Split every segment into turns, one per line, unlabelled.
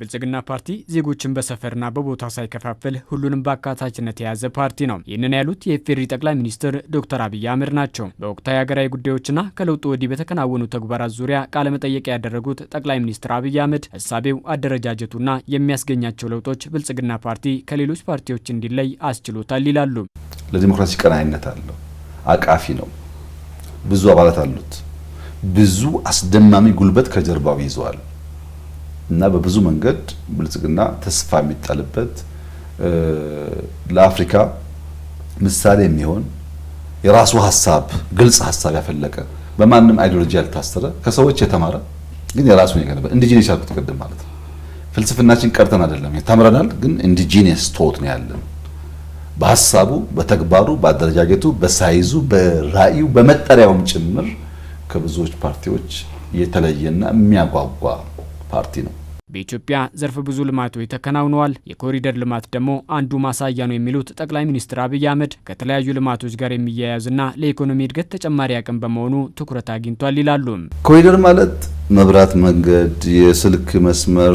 ብልጽግና ፓርቲ ዜጎችን በሰፈርና በቦታ ሳይከፋፍል ሁሉንም በአካታችነት የያዘ ፓርቲ ነው። ይህንን ያሉት የኢፌዴሪ ጠቅላይ ሚኒስትር ዶክተር አብይ አህመድ ናቸው። በወቅታዊ ሀገራዊ ጉዳዮችና ከለውጡ ወዲህ በተከናወኑ ተግባራት ዙሪያ ቃለመጠየቅ ያደረጉት ጠቅላይ ሚኒስትር አብይ አህመድ እሳቤው፣ አደረጃጀቱና የሚያስገኛቸው ለውጦች ብልጽግና ፓርቲ ከሌሎች ፓርቲዎች እንዲለይ አስችሎታል ይላሉ።
ለዲሞክራሲ ቀናይነት አለው፣ አቃፊ ነው፣ ብዙ አባላት አሉት፣ ብዙ አስደማሚ ጉልበት ከጀርባው ይዘዋል። እና በብዙ መንገድ ብልጽግና ተስፋ የሚጣልበት ለአፍሪካ ምሳሌ የሚሆን የራሱ ሀሳብ ግልጽ ሀሳብ ያፈለቀ በማንም አይዲዮሎጂ ያልታሰረ ከሰዎች የተማረ ግን የራሱን የገነበ ኢንዲጂነስ ያልኩት ቅድም ማለት ነው። ፍልስፍናችን ቀርተን አይደለም ተምረናል፣ ግን ኢንዲጂነስ ቶት ነው ያለን። በሀሳቡ፣ በተግባሩ፣ በአደረጃጀቱ፣ በሳይዙ፣ በራእዩ፣ በመጠሪያውም ጭምር ከብዙዎች ፓርቲዎች የተለየና የሚያጓጓ ፓርቲ ነው።
በኢትዮጵያ ዘርፈ ብዙ ልማቶች ተከናውነዋል። የኮሪደር ልማት ደግሞ አንዱ ማሳያ ነው የሚሉት ጠቅላይ ሚኒስትር አብይ አህመድ ከተለያዩ ልማቶች ጋር የሚያያዝና ለኢኮኖሚ እድገት ተጨማሪ አቅም በመሆኑ ትኩረት አግኝቷል ይላሉ።
ኮሪደር ማለት መብራት፣ መንገድ፣ የስልክ መስመር፣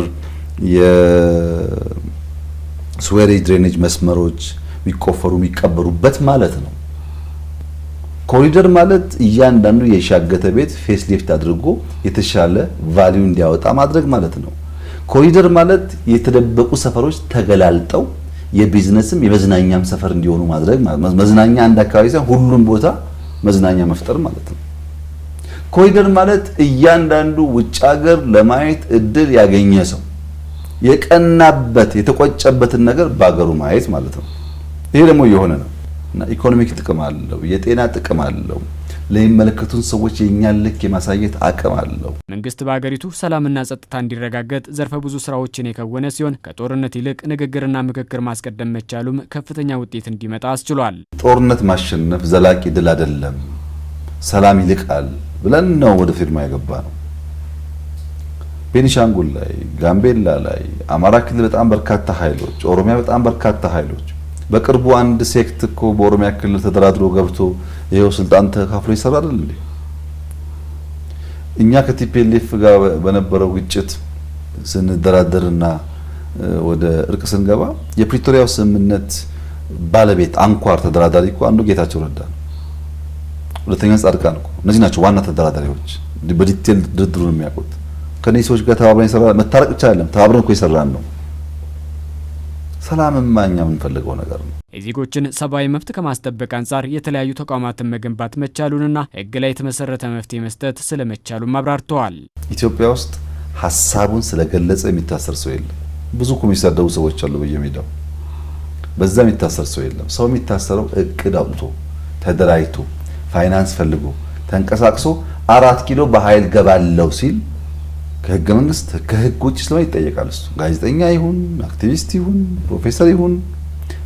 የስዌሬጅ ድሬኔጅ መስመሮች የሚቆፈሩ የሚቀበሩበት ማለት ነው። ኮሪደር ማለት እያንዳንዱ የሻገተ ቤት ፌስ ሊፍት አድርጎ የተሻለ ቫሊዩ እንዲያወጣ ማድረግ ማለት ነው። ኮሪደር ማለት የተደበቁ ሰፈሮች ተገላልጠው የቢዝነስም የመዝናኛም ሰፈር እንዲሆኑ ማድረግ ማለት መዝናኛ አንድ አካባቢ ሳይሆን ሁሉም ቦታ መዝናኛ መፍጠር ማለት ነው። ኮሪደር ማለት እያንዳንዱ ውጭ ሀገር ለማየት እድል ያገኘ ሰው የቀናበት የተቆጨበትን ነገር በሀገሩ ማየት ማለት ነው። ይሄ ደግሞ የሆነ ነው። እና ኢኮኖሚክ ጥቅም አለው፣ የጤና ጥቅም አለው፣ ለሚመለከቱን ሰዎች የእኛን ልክ የማሳየት አቅም አለው።
መንግስት በሀገሪቱ ሰላምና ጸጥታ እንዲረጋገጥ ዘርፈ ብዙ ስራዎችን የከወነ ሲሆን ከጦርነት ይልቅ ንግግርና ምክክር ማስቀደም መቻሉም ከፍተኛ ውጤት እንዲመጣ አስችሏል።
ጦርነት ማሸነፍ ዘላቂ ድል አይደለም፣ ሰላም ይልቃል ብለን ነው ወደ ፊርማ የገባ ነው። ቤኒሻንጉል ላይ፣ ጋምቤላ ላይ፣ አማራ ክልል በጣም በርካታ ኃይሎች፣ ኦሮሚያ በጣም በርካታ ኃይሎች በቅርቡ አንድ ሴክት እኮ በኦሮሚያ ክልል ተደራድሮ ገብቶ ይኸው ስልጣን ተካፍሎ ይሰራል አይደል እንዴ? እኛ ከቲፒኤልኤፍ ጋር በነበረው ግጭት ስንደራደርና ወደ እርቅ ስንገባ የፕሪቶሪያው ስምምነት ባለቤት አንኳር ተደራዳሪ እኮ አንዱ ጌታቸው ረዳ ነው። ሁለተኛ ጻድቃን እኮ እነዚህ ናቸው ዋና ተደራዳሪዎች፣ በዲቴል ድርድሩን የሚያውቁት ከነዚህ ሰዎች ጋር ተባብረን ይሰራ መታረቅ ብቻ አይደለም ተባብረን እኮ የሰራን ነው ሰላም ማኛ የምንፈልገው ነገር ነው።
የዜጎችን ሰብአዊ መብት ከማስጠበቅ አንጻር የተለያዩ ተቋማትን መገንባት መቻሉንና ህግ ላይ የተመሰረተ መፍትሄ መስጠት ስለመቻሉም አብራርተዋል።
ኢትዮጵያ ውስጥ ሀሳቡን ስለገለጸ የሚታሰር ሰው የለም። ብዙ እኮ የሚሳደቡ ሰዎች አሉ በየሜዳው፣ በዛ የሚታሰር ሰው የለም። ሰው የሚታሰረው እቅድ አውጥቶ ተደራጅቶ ፋይናንስ ፈልጎ ተንቀሳቅሶ አራት ኪሎ በኃይል ገባለው ሲል ከህገ መንግስት ከህግ ውጭ ስለማይ ይጠየቃል። እሱ ጋዜጠኛ ይሁን አክቲቪስት ይሁን ፕሮፌሰር ይሁን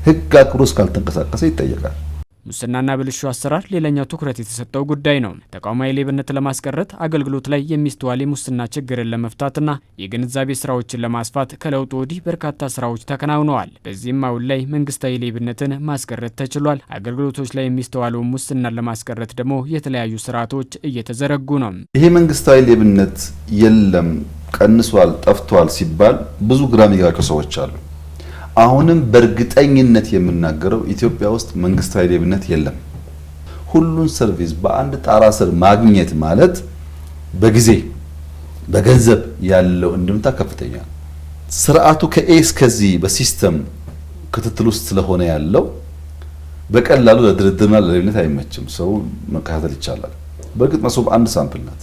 ህግ አክብሮ እስካልተንቀሳቀሰ ይጠየቃል።
ሙስናና ብልሹ አሰራር ሌላኛው ትኩረት የተሰጠው ጉዳይ ነው። ተቋማዊ ሌብነት ለማስቀረት አገልግሎት ላይ የሚስተዋል የሙስና ችግርን ለመፍታትና የግንዛቤ ስራዎችን ለማስፋት ከለውጡ ወዲህ በርካታ ስራዎች ተከናውነዋል። በዚህም አሁን ላይ መንግስታዊ ሌብነትን ማስቀረት ተችሏል። አገልግሎቶች ላይ የሚስተዋለውን ሙስናን ለማስቀረት ደግሞ የተለያዩ ስርዓቶች እየተዘረጉ ነው።
ይሄ መንግስታዊ ሌብነት የለም ቀንሷል፣ ጠፍቷል ሲባል ብዙ ግራ የሚገባቸው ሰዎች አሉ። አሁንም በእርግጠኝነት የምናገረው ኢትዮጵያ ውስጥ መንግስታዊ ሌብነት የለም። ሁሉን ሰርቪስ በአንድ ጣራ ስር ማግኘት ማለት በጊዜ በገንዘብ ያለው እንድምታ ከፍተኛ ስርዓቱ ከኤ እስከዚህ በሲስተም ክትትል ውስጥ ስለሆነ ያለው በቀላሉ ለድርድርና ለሌብነት አይመችም። ሰው መከታተል ይቻላል። በእርግጥ መሶብ አንድ ሳምፕል ናት፣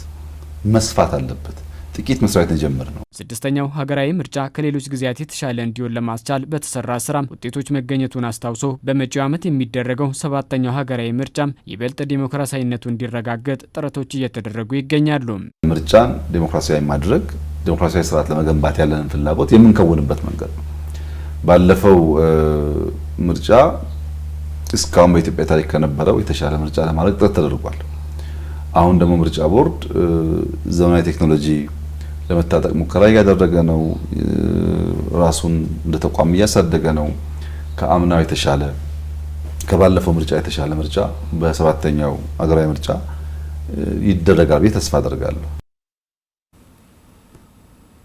መስፋት አለበት። ጥቂት መስራት የጀመር ነው።
ስድስተኛው ሀገራዊ ምርጫ ከሌሎች ጊዜያት የተሻለ እንዲሆን ለማስቻል በተሰራ ስራም ውጤቶች መገኘቱን አስታውሶ በመጪው ዓመት የሚደረገው ሰባተኛው ሀገራዊ ምርጫ ይበልጥ ዴሞክራሲያዊነቱ እንዲረጋገጥ ጥረቶች እየተደረጉ ይገኛሉ።
ምርጫን ዴሞክራሲያዊ ማድረግ ዴሞክራሲያዊ ስርዓት ለመገንባት ያለንን ፍላጎት የምንከውንበት መንገድ ነው። ባለፈው ምርጫ እስካሁን በኢትዮጵያ ታሪክ ከነበረው የተሻለ ምርጫ ለማድረግ ጥረት ተደርጓል። አሁን ደግሞ ምርጫ ቦርድ ዘመናዊ ቴክኖሎጂ ለመታጠቅ ሙከራ እያደረገ ነው። ራሱን እንደ ተቋም እያሳደገ ነው። ከአምናው የተሻለ ከባለፈው ምርጫ የተሻለ ምርጫ በሰባተኛው አገራዊ ምርጫ ይደረጋል ብዬ ተስፋ አደርጋለሁ።